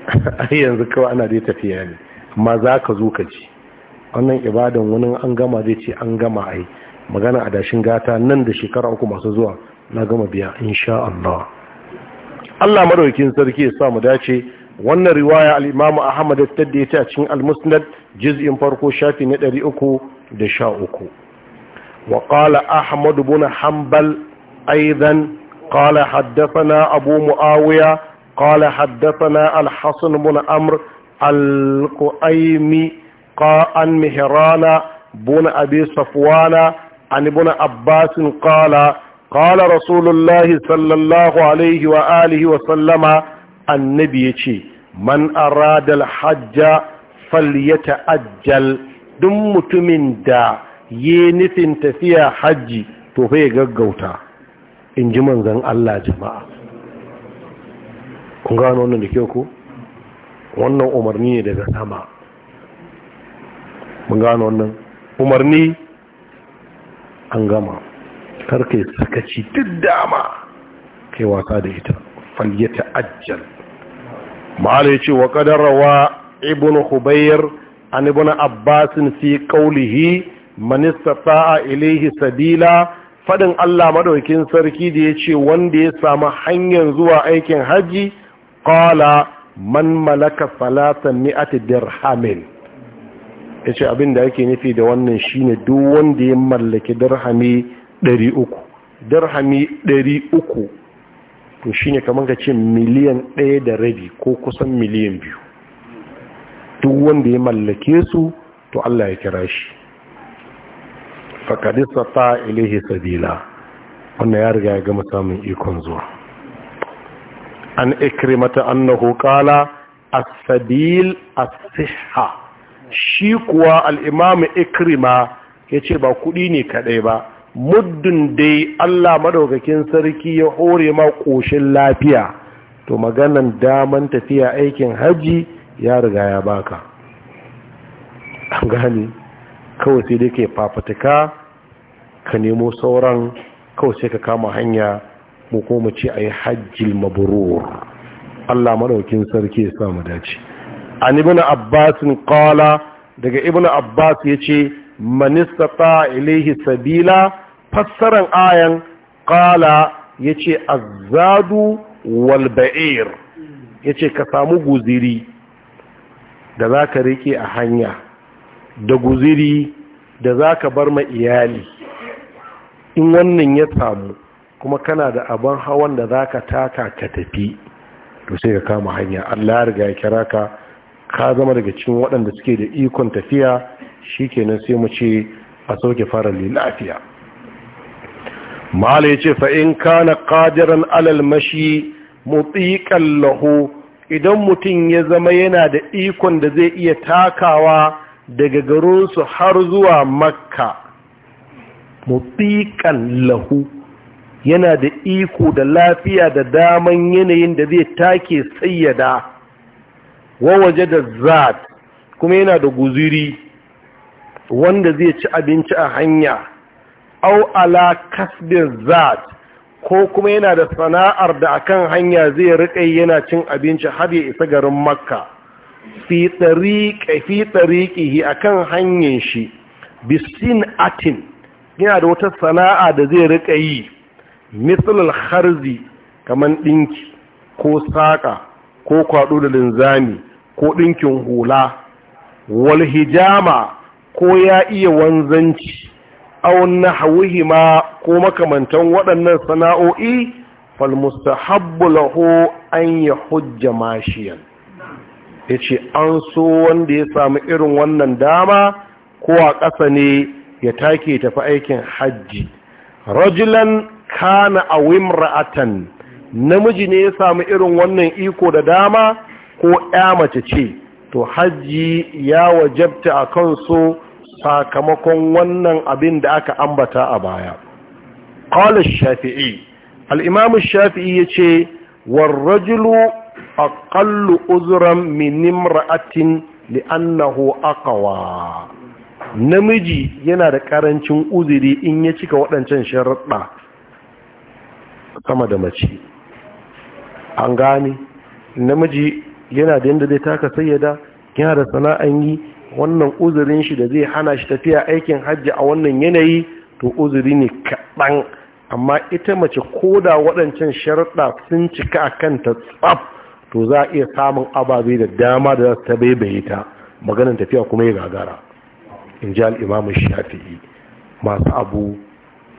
ai yanzu kawai ana dai tafiya ne amma za ka zo kaji. wannan ibadan wani an gama zai ce an gama ai magana a dashin gata nan da shekara uku masu zuwa na gama biya insha Allah Allah madaukakin sarki ya sa mu dace wannan riwaya al ahmad da ya ce a cikin al-musnad juz'in farko shafi na 313 wa qala ahmad buna Hambal aizan kala haddathana abu muawiya qala haddathana Alhassan buna ibn amr al-quaimi qa'an mihrana ibn abi safwana an buna abbas qala qala rasulullahi sallallahu alaihi wa alihi wa sallama annabi ya ce man aradal hajja falyata ajjal duk mutumin da yi nufin tafiyaa hajji to fa gaggauta in ji Allah jama'a kun gano wannan da kyau ko wannan umarni ne daga sama mun gano wannan umarni angama. gama karka sakaci duk dama kai wasa da ita falyata ajjal ma'ala ya ce wa ƙadarawa ibn hubayar an ibn abbasin fi ƙaulihi manista sa'a ilaihi sabila faɗin allah maɗaukin sarki da ya ce wanda ya samu hanyar zuwa aikin hajji ƙala man malaka salatan mi'ati dirhamin ya ce abin da ake nufi da wannan shine duk wanda ya mallaki dirhami 300 dirhami 300 to ne kamar ka ce miliyan ɗaya da rabi ko kusan miliyan biyu duk wanda ya mallake su to Allah ya kira shi faƙadisa ta ilihi sabila wannan ya riga ya gama samun ikon zuwa an ikrimata annahu qala as-sabil as-sihha shi kuwa al-imam ikrima yace ba kuɗi ne kaɗai ba muddin dai Allah madaukakin sarki ya hore ma ƙoshin lafiya to maganan daman tafiya aikin haji ya riga ya baka an gane kawai sai dai ke fafatika ka nemo sauran kawai sai ka kama hanya mu koma ce a yi hajjil maburur Allah madaukakin sarki ya samu dace an ibn abbas kawala, daga ibn abbas ya ce, manista ta ilaihi sabila fassaran ayan ya yace azzadu walba'ir ya yace ka samu guziri da za ka rike a hanya da guziri da za ka bar ma iyali in wannan ya samu kuma kana da abin hawan da za ka taka ka tafi to sai ka kama hanya Allah ya riga ya kira ka ka zama daga cikin waɗanda suke da ikon tafiya shi kenan sai mu ce a sauke fara lafiya mala ya ce fa'in kana ƙadiran alal mashi mutsiƙan lahu, idan mutum ya zama yana da ikon da zai iya takawa daga garinsu har zuwa makka mutsiƙan lahu yana da iko da lafiya da daman yanayin da zai take tsayyada wawaje da zat kuma yana da guziri wanda zai ci abinci a hanya au ala kasbin zat ko kuma yana da sana'ar da akan hanya zai riƙe yana cin abinci har ya isa garin makka fi tsariƙihi a kan hanyar shi bisin atin yana da wata sana'a da zai riƙa yi mitsalal harzi kamar ɗinki ko saƙa ko kwaɗo da linzami ko ɗinkin hula wal hijama ko ya iya wanzanci aw ma ko makamantan waɗannan sana'o'i fal mustahabbu lahu hujja yahujja Ya yace an so wanda ya samu irin wannan dama ko a ƙasa ne ya take tafi aikin hajji rajulan kana aw imra'atan namiji ne ya samu irin wannan iko da dama ko ya mace ce to hajji ya wajabta akan so sakamakon wannan abin da aka ambata a baya qala shafi'i al-imam shafi'i yace war rajulu aqallu uzran min imra'atin li'annahu aqwa namiji yana da karancin uzuri in ya cika waɗancan sharuɗa sama da mace an gani, namiji yana da yadda zai taka sayyada yana da sana'an yi wannan uzurin shi da zai hana shi tafiya aikin hajji a wannan yanayi to uzuri ne kaɗan amma ita mace ko da waɗancan sharaɗa sun cika a kanta tsaf to za a iya samun ababe da dama da za su tabaibaye ta maganin tafiya kuma ya gagara in ji al'imamu shafi'i masu abu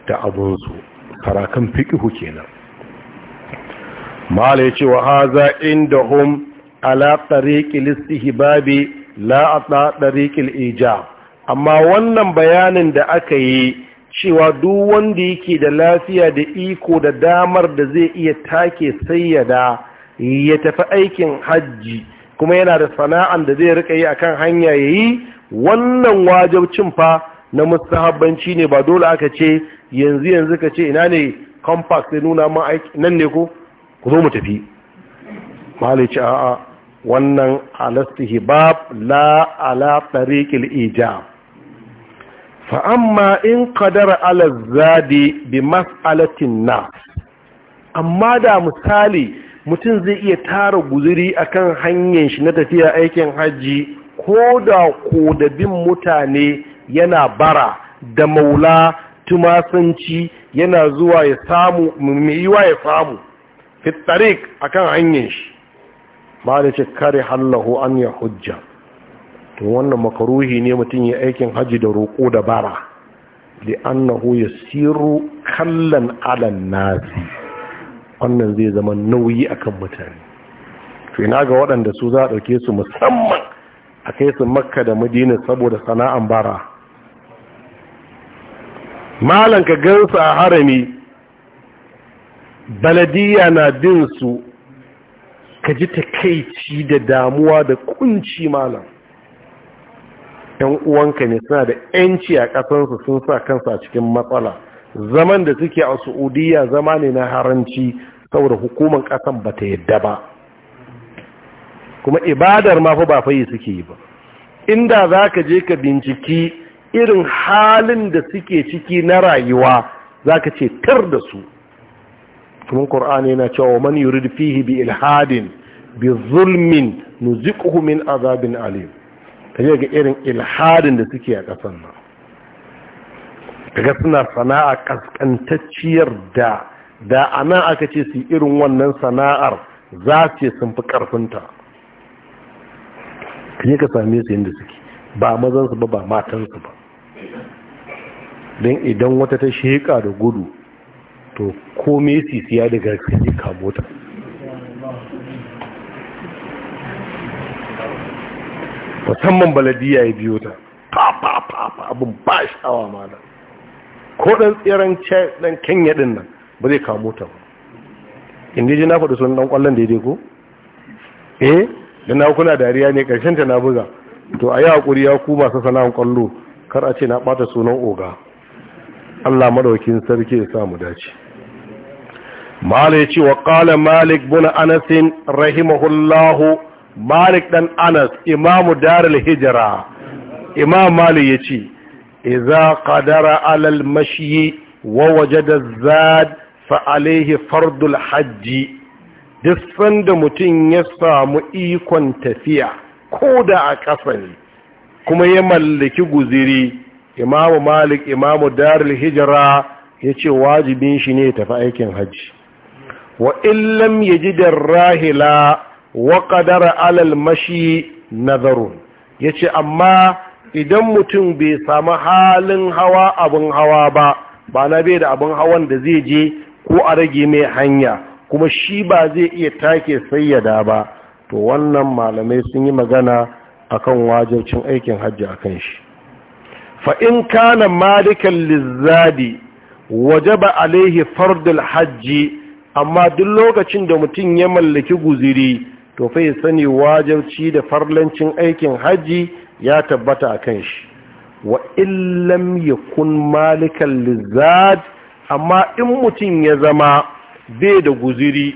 da abunsu karakan fiƙihu kenan mala ya ce wa haza inda hum ala tsariƙi kilisti babi la atla tariqil ijab amma wannan bayanin da aka yi cewa duk wanda yake da lafiya da iko da damar da zai iya take sayyada ya tafi aikin hajji kuma yana da sana'an da zai rika yi akan hanya yayi wannan wajibcin fa na mustahabbanci ne ba dole aka ce yanzu yanzu ka ce ina ne compact sai nuna ma aiki nan ne ko ku zo mu tafi malici a'a wannan bab la ala tariqil ijab fa amma in qadara ala zadi bi mas'alatin na. amma da misali mutum zai iya tara guzuri akan hanyar shi na tafiya aikin hajji ko da ko da bin mutane yana bara da maula tumasanci yana zuwa ya samu mai yiwa ya samu fitarik akan hanyar shi ba da ce kare hallahu an ya hujja to wannan makaruhi ne mutum ya aikin haji da roƙo da bara da annahu ya siru kallon alan nasi wannan zai zama nauyi akan mutane to ina ga waɗanda su za a ɗauke su musamman a kai su makka da madina saboda sana'an bara malan ka gansu a harami baladiya na bin su ka ji takaici da damuwa da kunci malam yan uwanka ne suna da yanci a ƙasansu sun sa kansa a cikin matsala zaman da suke a su'udiyya zama ne na haranci saboda hukumar ƙasan ba ta yadda ba kuma ibadar ma fa ba fayi suke yi ba inda za ka je ka binciki irin halin da suke ciki na rayuwa za ka ce tar da su kuma ƙur'ani yana cewa wa man yurid fihi bi ilhadin bi zulmin nuziquhu min azabin alim kaje ga irin ilhadin da suke a kasan nan kaga suna sana'a kaskantacciyar da da ana aka ce su irin wannan sana'ar za ce sun fi ƙarfinta kaje ka same su yadda suke ba mazan su ba ba matan su ba dan idan wata ta sheƙa da gudu to ko sisiya daga kai ka mota musamman baladiya ya biyo ta fafafafa abin ba sha'awa da, ko ɗan tseren ɗan kenya ɗin nan ba zai kamo ta ba inda ji na faɗi sun ɗan ƙwallon daidai ko eh da na kuna dariya ne ƙarshen ta na buga to a yi haƙuri ya ku masu sana'an ƙwallo kar a ce na ɓata sunan oga allah maɗaukin sarki ya sa mu dace Malik ce wa ƙala malik buna anasin rahimahullahu malik dan anas imamu darul hijira imam malik ya ce iza qadara alal mashi wa wajada zad fa alaihi fardul hajji duk sanda mutum ya samu ikon tafiya ko da a ƙasa ne kuma ya mallaki guziri imamu malik imamu darul hijira ya ce wajibin shi ne tafi aikin hajji wa illam ya ji da rahila wa alal mashi nazarun yace amma idan mutum bai sami halin hawa abin hawa ba ba na bai da abin hawan da zai je ko a rage mai hanya kuma shi ba zai iya take sayyada ba to wannan malamai sun yi magana akan wajarcin aikin hajji a kan shi fa in kana malikan lizzadi wajaba alaihi fardul hajji amma duk lokacin da mutum ya mallaki guziri to fa ya sani wajabci da farlancin aikin hajji ya tabbata a kan shi wa illam yakun malikan lizad amma in mutum ya zama bai da guziri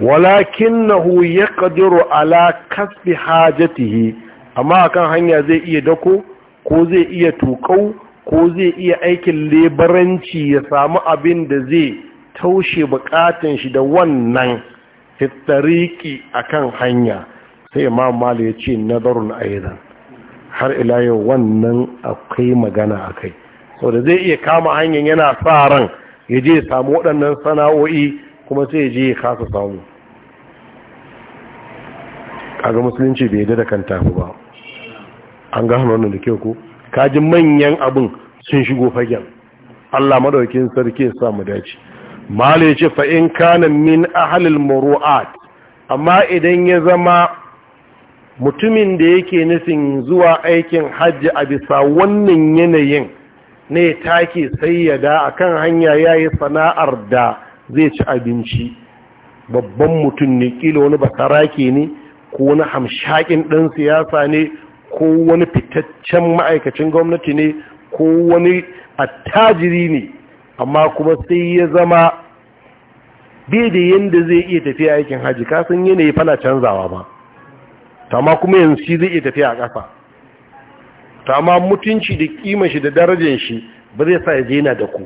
walakinahu yaqdiru ala kasbi hajatihi amma akan hanya zai iya dako ko zai iya tukau ko zai iya aikin lebaranci ya samu abin da zai taushe bukatun shi da wannan fitariki akan hanya sai imam malik ya ce nadarun aidan har ila yau wannan akwai magana a kai zai iya kama hanyar yana sa ran ya je ya samu waɗannan sana'o'i kuma sai ya je ya kasa samu kaga musulunci bai yadda da kan tafi ba an gano wannan da kyau ko kaji manyan abin sun shigo fagen Allah madaukin sarki ya sa mu dace mala ya ce fa'in kanan min ahalil muru'at amma idan ya zama mutumin da yake nufin zuwa aikin hajji a bisa wannan yanayin ne take sayyada a kan hanya ya yi sana'ar da zai ci abinci babban mutum ne kila wani basaraki ne ko wani hamshakin ɗan siyasa ne ko wani fitaccen ma'aikacin gwamnati ne ko wani attajiri ne amma kuma sai ya zama bai da yadda zai iya tafiya aikin hajji kasan yanayi fana canzawa ba amma kuma yanzu shi zai iya tafiya a ƙasa amma mutunci da ƙima shi da darajar shi ba zai sa ya je yana da ku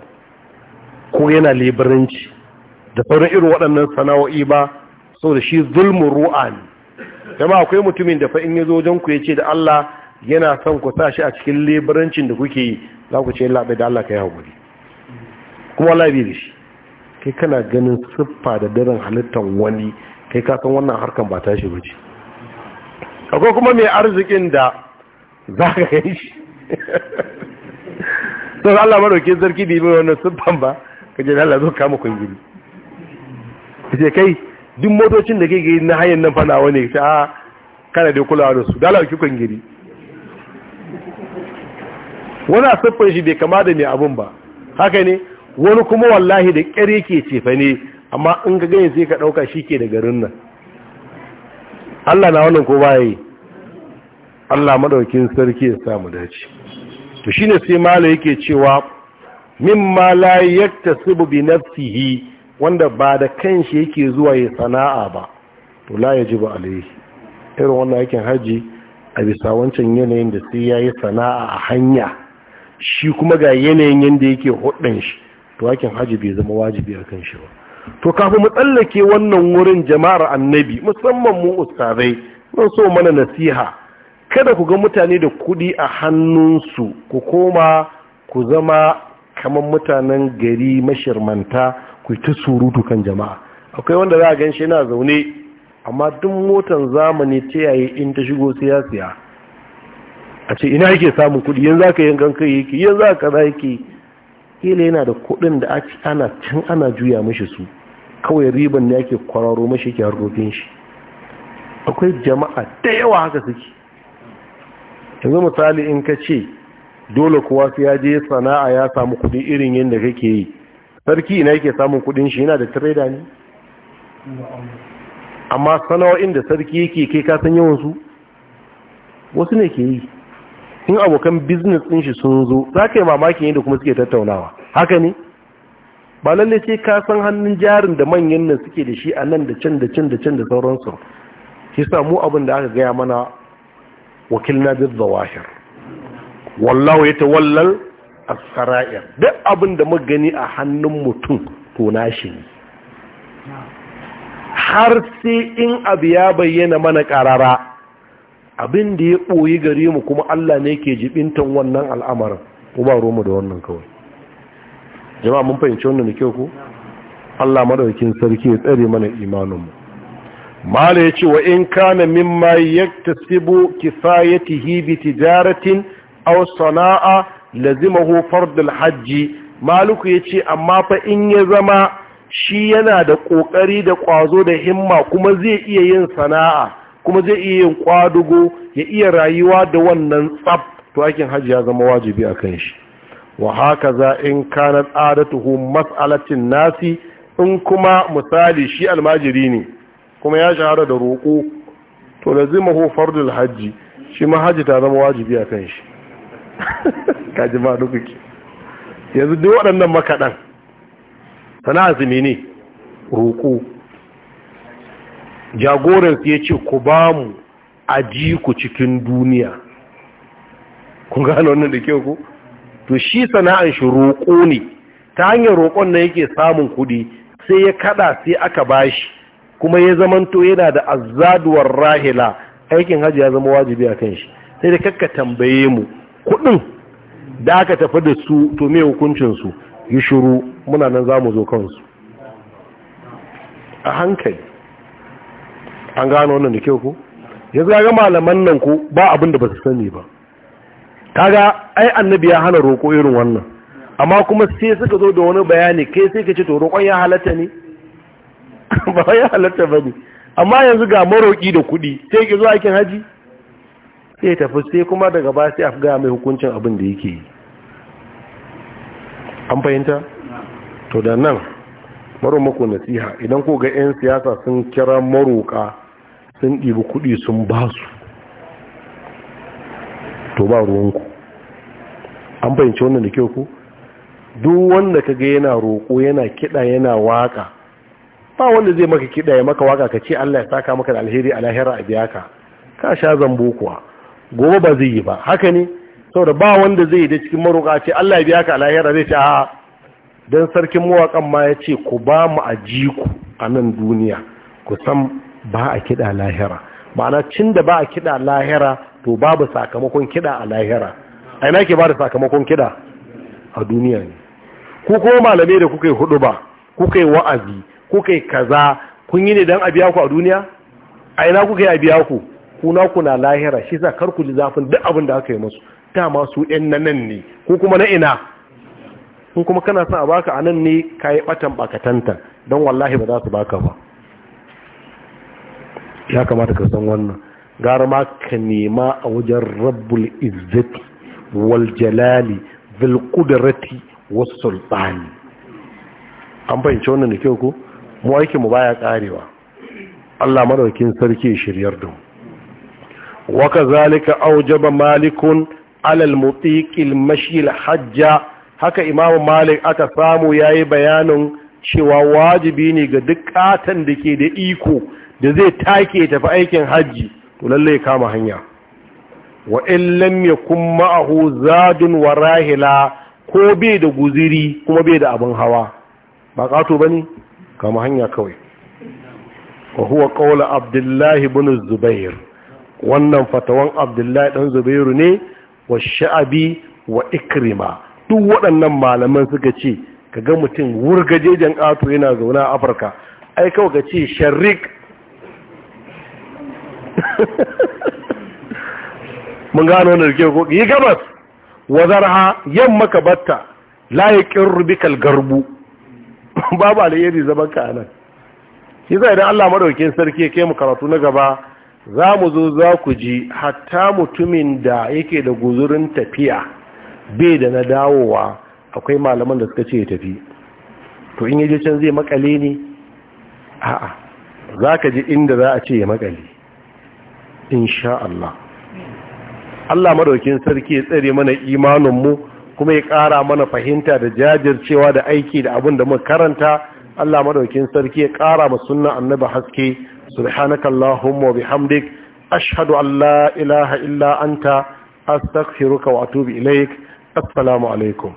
ko yana leburanci da sauran irin waɗannan sana'o'i ba da shi zulmin ru'a ne jama akwai mutumin da fa in ya zo wajen ku ya ce da Allah yana son ku sa shi a cikin leburancin da kuke yi za ku ce labe da Allah ka yi haƙuri kuma wallahi bai da shi kai kana ganin siffa da daren halittar wani kai ka san wannan harkan ba tashi ba ce akwai kuma mai arzikin da za ka yi shi sun Allah maroke zarki yi mai wannan siffan ba ka je Allah zo kama kwangiri ka ce kai duk motocin da kai na hanyar nan fana wani ta a ah, kana da kulawa da su dala ki kwangiri wani siffan shi bai kama da mai abun ba haka ne wani kuma wallahi da ƙyar ke cefa ne amma in ga gani sai ka ɗauka shi ke da garin nan Allah na wannan ko baya Allah maɗaukin sarki ya samu dace to shine sai mala yake cewa mimma la yaktasibu bi nafsihi wanda ba da kanshi yake zuwa ya sana'a ba to la yajibu alayhi irin wannan yakin haji a bisa wancan yanayin da sai yayi sana'a a hanya shi kuma ga yanayin yanda yake huddan shi to hajji haji bai zama wajibi a kan shi ba to kafin mu tsallake wannan wurin jama'ar annabi musamman mu ustazai mun so mana nasiha kada ku ga mutane da kuɗi a hannunsu ku koma ku zama kamar mutanen gari mashirmanta ku ta surutu kan jama'a akwai wanda za a gan shi yana zaune amma duk motan zamani ta yayi in ta shigo siya siya a ce ina yake samun kuɗi yanzu aka yankan kai yake yanzu aka za yake kila yana da kuɗin da ake ana can ana juya mashi su kawai riban ne yake kwararo mashi ke harkokin shi akwai jama'a da yawa haka suke yanzu misali in ka ce dole kuwa su ya je sana'a ya samu kuɗi irin yadda kake yi sarki ina yake samun kuɗin shi yana da tireda ne amma sana'o'in da sarki yake kai ka san yawan wasu ne ke yi in abokan business din shi sun zo za ka yi mamakin yadda kuma suke tattaunawa haka ne ba lalle sai ka san hannun jarin da manyan nan suke da shi a nan da can da can da can da sauransu shi sa abin da aka gaya mana wakilna bil zawahir wallahu ya as-sara'ir duk abin da muka gani a hannun mutum to nashi ne har sai in abu ya bayyana mana ƙarara. abin da ya ɓoyi gare mu kuma Allah ne ke jibintan wannan al'amarin ko ba da wannan kawai jama'a mun fahimci wannan da kyau ku? Allah madaukakin sarki ya tsare mana imaninmu mala ya ce wa in kana mimma yaktasibu kifayatihi bi tijaratin aw sana'a lazimahu fard al maluku yace amma fa in ya zama shi yana da ƙoƙari da ƙwazo da himma kuma zai iya yin sana'a kuma zai iya yin kwadugo ya iya rayuwa da wannan tsab to aikin hajji ya zama wajibi a kan shi wa haka za in kana adatuhu mas'alatin nasi in kuma misali shi almajiri ne kuma ya shahara da roƙo to lazimahu fardul hajji shi ma hajji ta zama wajibi a kan shi kaji ma dukki. yanzu duk waɗannan makaɗan sana'a zumi ne roƙo jagoransu ya ce ku ba mu a ji ku cikin duniya kun gano wannan da kyau ku to shi sana'an shi roƙo ne ta hanyar roƙon na yake samun kuɗi sai ya kada sai aka bashi kuma ya zamanto yana da azaduwar rahila aikin hajji ya zama wajibi a kan shi sai da kakka tambaye mu kuɗin da aka tafi da su to me hukuncinsu yi shiru muna nan za mu zo kansu a hankali an gano wannan da kyau ko yanzu ga malaman nan ko ba abin da ba su sani ba kaga ai annabi ya hana roƙo irin wannan amma kuma sai suka zo da wani bayani kai sai ka ce to roƙon ya halatta ne ba ya halatta ba ne amma yanzu ga maroƙi da kuɗi sai ki zo aikin haji sai tafi sai kuma daga ba sai a mai hukuncin abin da yake yi an fahimta to da nan maro mako nasiha idan ko ga 'yan siyasa sun kira maroƙa sun ɗibi kuɗi sun ba su to ba ruwanku an fahimci wannan da kyau ku duk wanda ka ga yana roƙo yana kiɗa yana waƙa ba wanda zai maka kiɗa ya maka waƙa ka ce Allah ya saka maka da alheri a lahira a biya ka ka sha zambo kuwa gobe ba zai yi ba haka ne saboda ba wanda zai yi da cikin maroƙa ce Allah ya biya ka a lahira zai ce a dan sarkin mawaƙan ma ya ce ku ba mu a jiku a nan duniya ku san ba a kiɗa lahira ma'ana cin da ba a kiɗa lahira to babu sakamakon kiɗa a lahira a ina ke ba da sakamakon kiɗa a duniya ne ku kuma malamai da kuka yi hudu ba kuka yi wa'azi kuka yi kaza kun yi ne don a biya ku a duniya a ina kuka yi a biya ku kuna kuna lahira shi sa kar ku ji zafin duk abin da aka yi musu dama su yan na nan ne ko kuma na ina ko kuma kana son a baka a nan ne ka yi ɓatan ɓakatanta don wallahi ba za su baka ba ya kamata ka san wannan gara ma ka nema a wajen rabbul izzati wal jalali zil qudrati was sultani an fahimci wannan da kyau ko mu aikin mu baya karewa Allah madaukin sarki shiryar da mu wa kazalika awjaba malikun ala al mutiq al mashi hajja haka imamu malik aka samu yayi bayanin cewa wajibi ne ga duk katan da ke da iko da zai take tafi aikin hajji to lallai kama hanya wa in lam yakun ma'ahu zadun wa rahila ko bai da guziri kuma bai da abin hawa ba kato bane kama hanya kawai wa huwa qawlu abdullahi ibn zubair wannan fatawan abdullahi dan zubairu ne wa sha'abi wa ikrima duk waɗannan malaman suka ce kaga mutum wurgajejen ƙato yana zaune a afirka ai kawai ka ce sharik mun gano wannan rike ko yi gabas wazarha yamma ka batta la rubikal garbu babu alheri zaman ka anan shi zai idan Allah madaukin sarki ya kai mu karatu na gaba za mu zo za ku ji hatta mutumin da yake da guzurin tafiya bai da na dawowa akwai malaman da suka ce ya tafi to in yaje can zai makale ne a'a za ka ji inda za a ce ya makale insha Allah Allah madaukin sarki ya tsare mana imanin mu kuma ya ƙara mana fahimta da jajircewa da aiki da abin da muka karanta Allah madaukin sarki ya ƙara mu sunna annabi haske subhanakallahumma bihamdik ashhadu an la ilaha illa anta astaghfiruka wa atubu ilaik assalamu alaikum